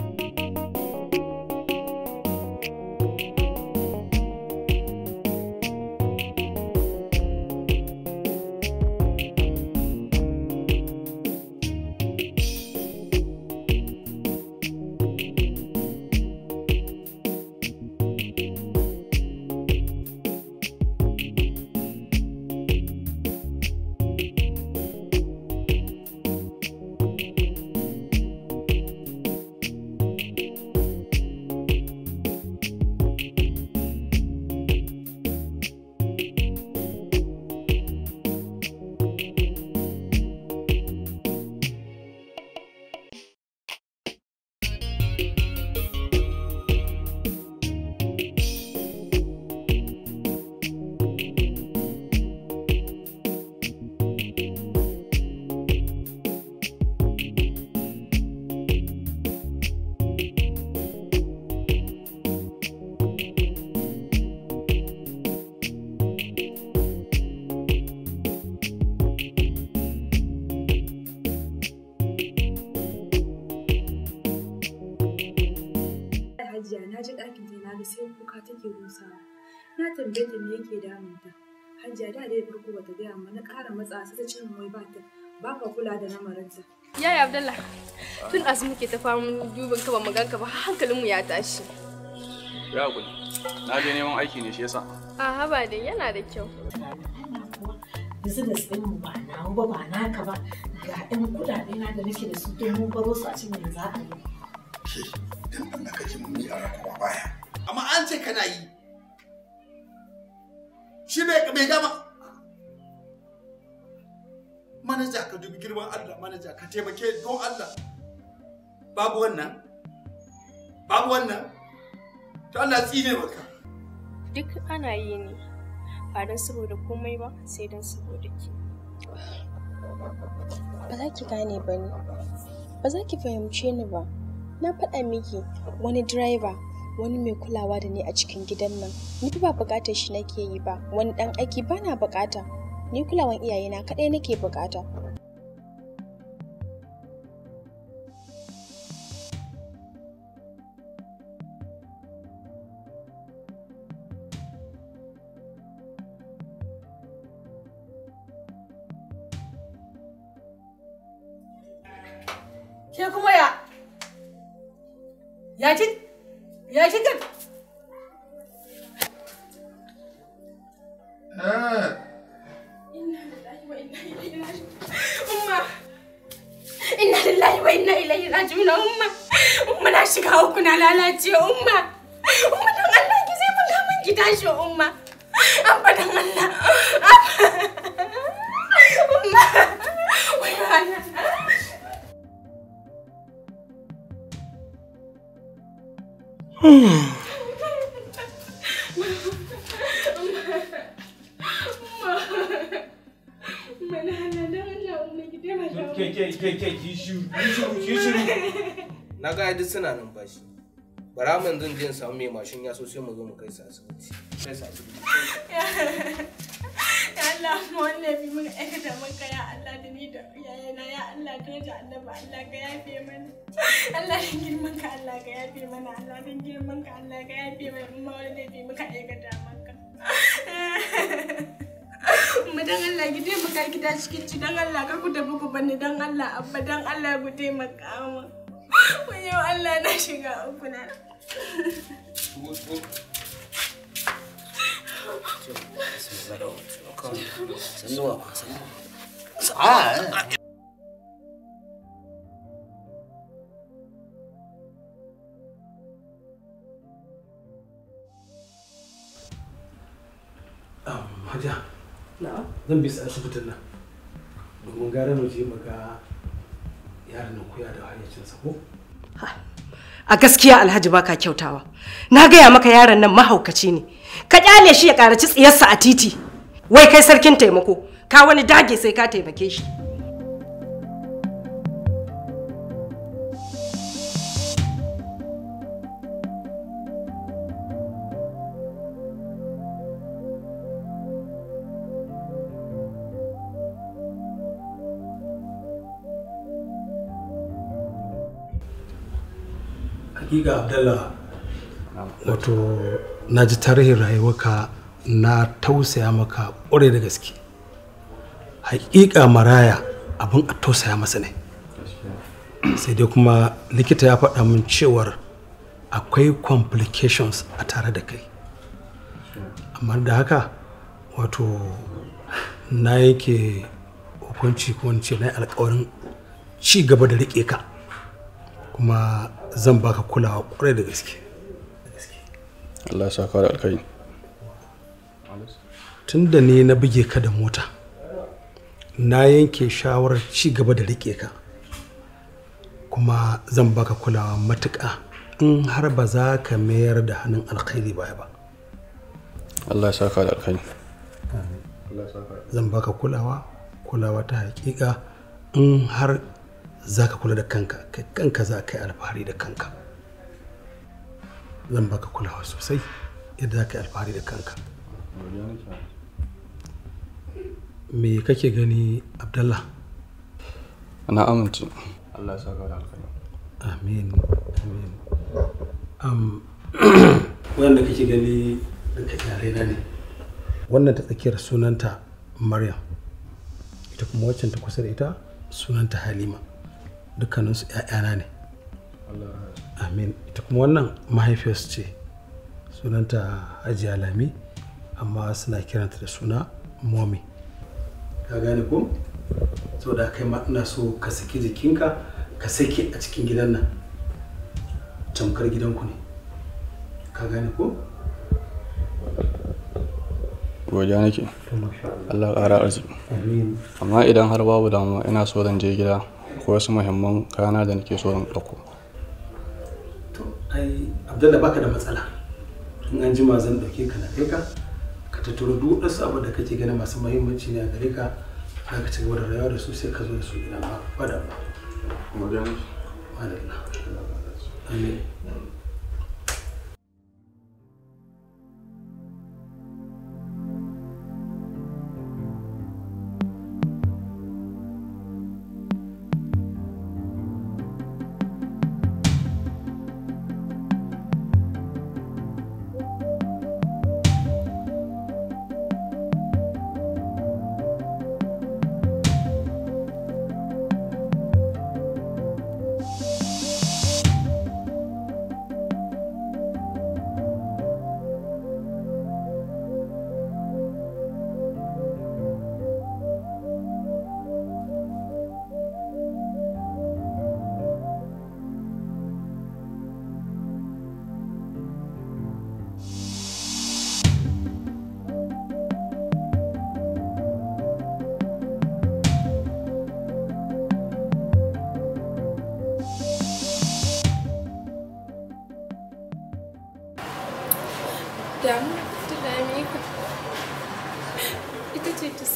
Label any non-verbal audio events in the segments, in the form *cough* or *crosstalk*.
you ciwon dindin ne yake ta Hajiya da dai farko bata gaya amma na ƙara matsa sai ta ce min wai ba ta ba ka kula da lamarinta. Yaya Abdullah, tun azu muke ta famun dubin ka ba mu ganka ba hankalinmu ya tashi. Ya hakuri, na je neman aiki ne shi yasa. A haba dai yana da kyau. Yanzu da mu ba na ba ba naka ba ga ɗan kuɗaɗe na da nake da su don mun baro su a cikin yanzu a yi. Ke, dan Allah kake mun yi a kuma baya. Amma an ce kana yi. shi ne bai gama manaja ka dubi girman Allah manaja ka taimake don Allah babu wannan babu wannan ta Allah tsine maka duk ana yi ne ba don saboda komai ba sai don saboda ki ba za ki gane ba ne ba za ki fahimce ni ba na faɗa miki wani driver wani mai kulawa da ni a cikin gidan nan ni ba bukatar shi nake yi ba wani dan aiki bana bukata ni kulawan iyayena kaɗai nake bukata Ke kuma ya? Ya Ya kika? Umma. Inna lillahi wa inna ilaihi raji'un umma. Umma na shiga uku na lalace umma. Umma dan Allah ki zai mun gida shi umma. Allah. na ga duk suna bara mun zan je samu mai mashin ya so sai mu zo mu kai su asibiti kai su asibiti ya Allah mu wannan bi mun Allah Allah ka yafe mana Allah dan girman ka Allah ka yafe mana Allah girman ka Allah ka yafe mana in ma wani laifi muka aikata maka mu dan Allah ki taimaka ki ci dan Allah ku tafi ku bani dan Allah abba dan Allah ku taimaka mu mun yau Allah na shiga uku na ah, eh. zan bi asibitin nan domin gara mu je yaran nan kuya da hayyacinsa ko a gaskiya alhaji baka kyautawa na gaya maka yaron nan mahaukaci ne ka kyale shi ya karaci tsiyarsa a titi wai kai sarkin taimako ka wani dage sai ka taimake shi hakika abdalla wato na ji tarihin rayuwarka na tausaya maka ƙwarai da gaske hakika maraya abin a tausaya masa ne sai dai kuma likita ya faɗa min cewar akwai complications a tare da kai amma da haka wato na yake hukunci ko ce na alkawarin ci gaba da riƙe ka kuma zan baka kulawa kwarai da gaske Allah sa kawo da alkai tun da ni na buge ka da mota na yanke shawarar ci gaba da rike ka kuma zan baka kulawa matuƙa in har ba za ka mayar da hannun alkhairi baya ba Allah ya ka da alkhairi zan baka kulawa kulawa ta hakika in har za ka kula da kanka kanka za ka yi alfahari da kanka zan baka kulawa sosai yadda za ka yi alfahari da kanka me kake gani abdallah na amince allah ya saka da amin amin um, *clears throat* wanda kake gani duka yare na ne wannan ta tsakiyar sunanta maryam ita kuma waccan ta kusa da ita sunanta halima dukkaninsu ‘ya'yana ne amin ita kuma wannan mahaifiyarsu ce sunanta hajiya alami amma suna kiranta da suna momi ka gane ko so da kai ma ina so ka saki jikinka ka saki a cikin gidan nan tamkar gidanku ne ka gane ko godiya nake Allah ƙara arziki amma idan har babu damuwa ina so zan je gida akwai wasu muhimman kana da nake so in ɗauko. To, ai, Abdallah baka da matsala. In an jima zan ɗauke ka na kai ka, ka tattaro duk wasu abu da kake ganin masu muhimmanci ne a gare ka, za ka ci gaba da rayuwa da su sai ka zo da su gida ba, ba da ba. Amin.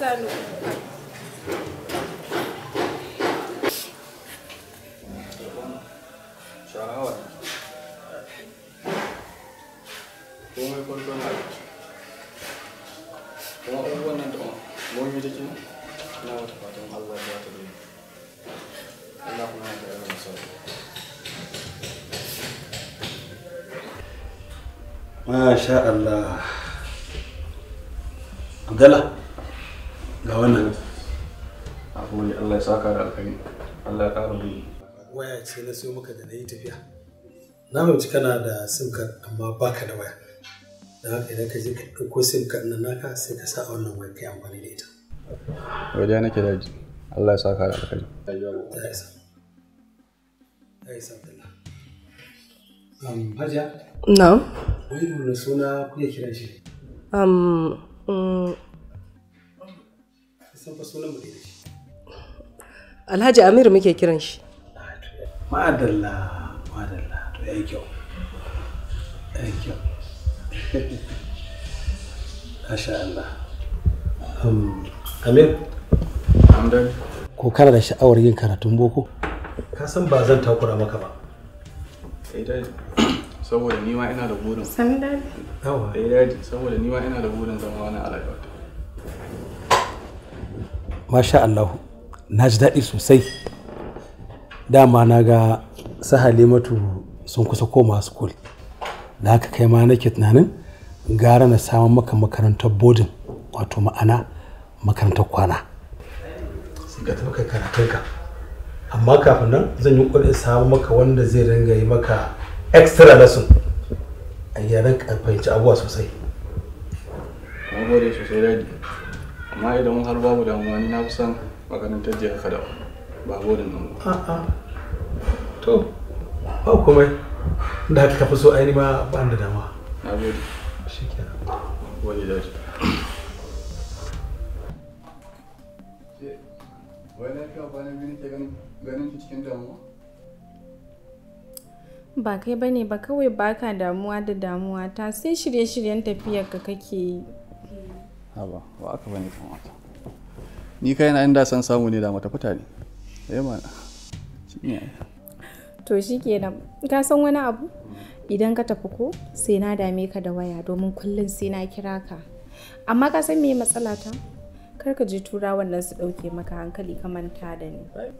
الإنسان ما شاء الله عبد الله ga wannan a gode Allah ya saka da alkhairi Allah ya ƙara mu waya ce na siyo maka da nayi tafiya na mace kana da sim card amma baka da waya da haka idan ka je ka ɗauko sim card na naka sai ka sa a wannan waya kai amfani da ita godiya nake da Allah ya saka da alkhairi ya sa. ya isa Um, Hajiya? No. Wai da suna kuke kiran shi? Um, mm, fa sunan shi Alhaji Amir muke kiran shi Madalla madalla to yayi kyau yayi kyau *laughs* Masha Allah um, Amir Amdan ko kana da sha'awar yin karatun boko ka san ba zan takura maka ba saboda ni ma ina da burin. Sani daji. Yawa. saboda ni ma ina da burin zama wani a rayuwata. masha Allah na ji daɗi sosai dama na ga sahali matu sun kusa koma school da haka kai ma nake tunanin gara na samun maka makarantar bodin wato ma'ana makarantar kwana sai ka tafi karatunka amma kafin nan zan yi kuɗin samun maka wanda zai ringa yi maka extra lesson a yaran fahimci abuwa sosai gode sosai dadi. amma idan har babu damuwa ni na fi son makarantar jiya kada ba burin nan a'a to ba komai da ka fi so ainihin ma ba da damuwa na gode shi kenan gode da shi wai lafiya kwanan biyu nake ganin ki cikin damuwa ba kai bane ba kawai baka damuwa da damuwa ta sai shirye-shiryen tafiyar ka kake yi haba ba aka bane kamata ni kai na inda san samu ne da mata fita ne eh mana to shikenan ka san wani abu idan ka tafi ko sai na dame ka da waya domin kullum sai na kira ka amma ka san me matsala ta kar ka je tura wannan su dauke maka hankali ka manta da ni eh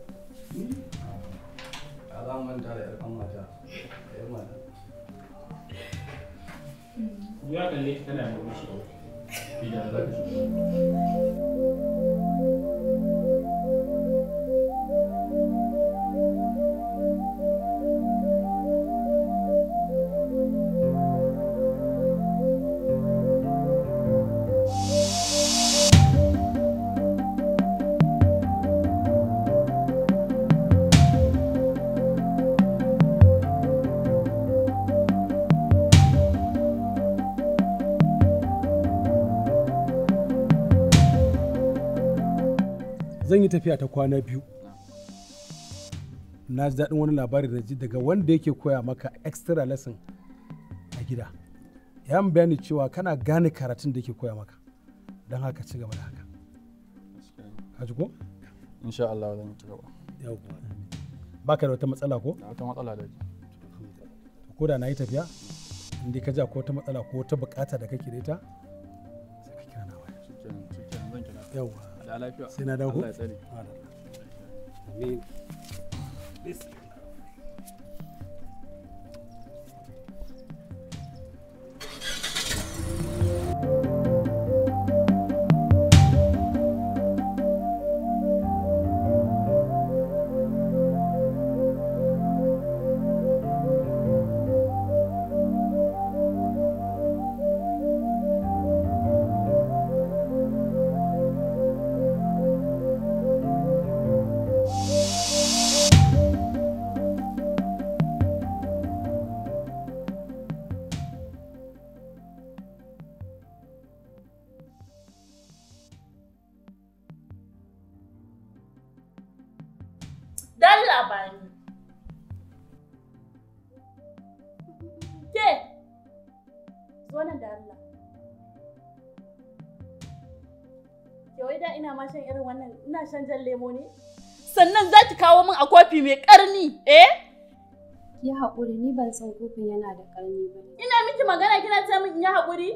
Ya kalle tana murmushi. いただきます。tafiya ta kwana biyu na ji daɗin wani labari da ji daga wanda yake koya maka extra lesson a gida ya mu bayani cewa kana gane karatun da yake koya maka don haka ci gaba da haka ka ji ko insha Allah zan ci gaba ka da wata matsala ko wata matsala da ko da na yi tafiya inda ka ja ko wata matsala ko wata bukata da kake da ita sai ka kira na waya yawa sai na dawo Allah ya tsare amin Allah ba ni. Ke, zo nan Ke wai da ina ma shan irin wannan, ina shan jan lemo ne? Sannan za ki kawo min a kofi mai ƙarni, eh? Ki haƙuri, ni ban san kofin yana da ƙarni ba. Ina miki magana kina ce min in yi haƙuri?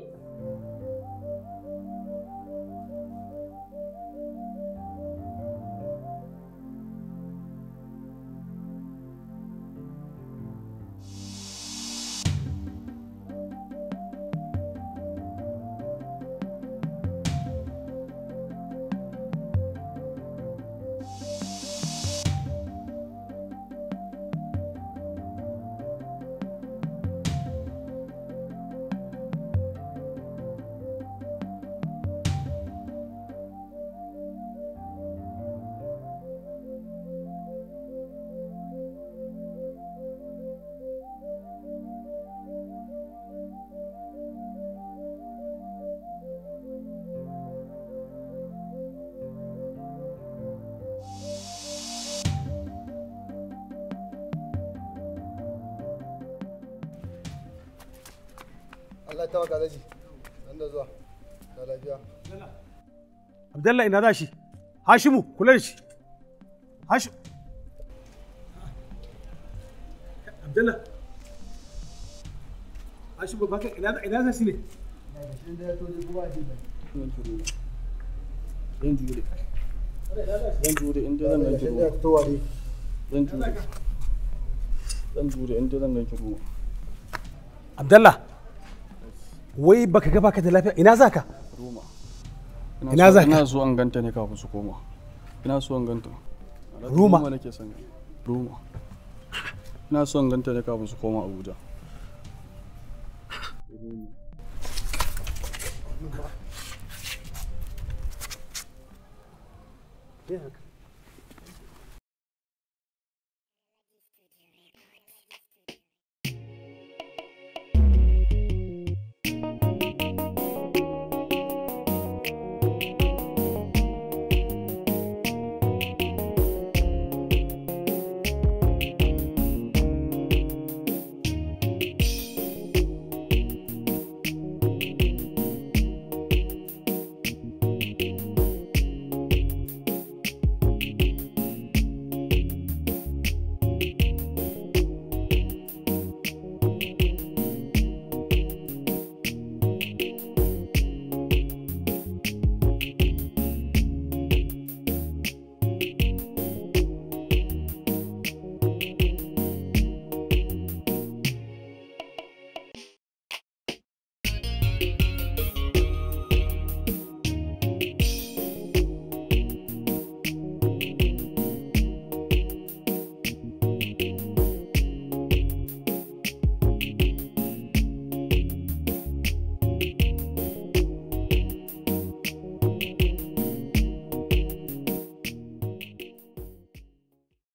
tawa nan da zuwa da lafiya abdalla ina shi hashimu kula da shi hashi abdalla hashimu baka ina ina shi ne jure jure jure jure zan abdallah wai baka ga baka da lafiya ina za ka ina za ka ina so an ganta ne kafin su koma ina so an ganta ruma nake son ruma ina so an ganta ne kafin su koma abuja Yeah.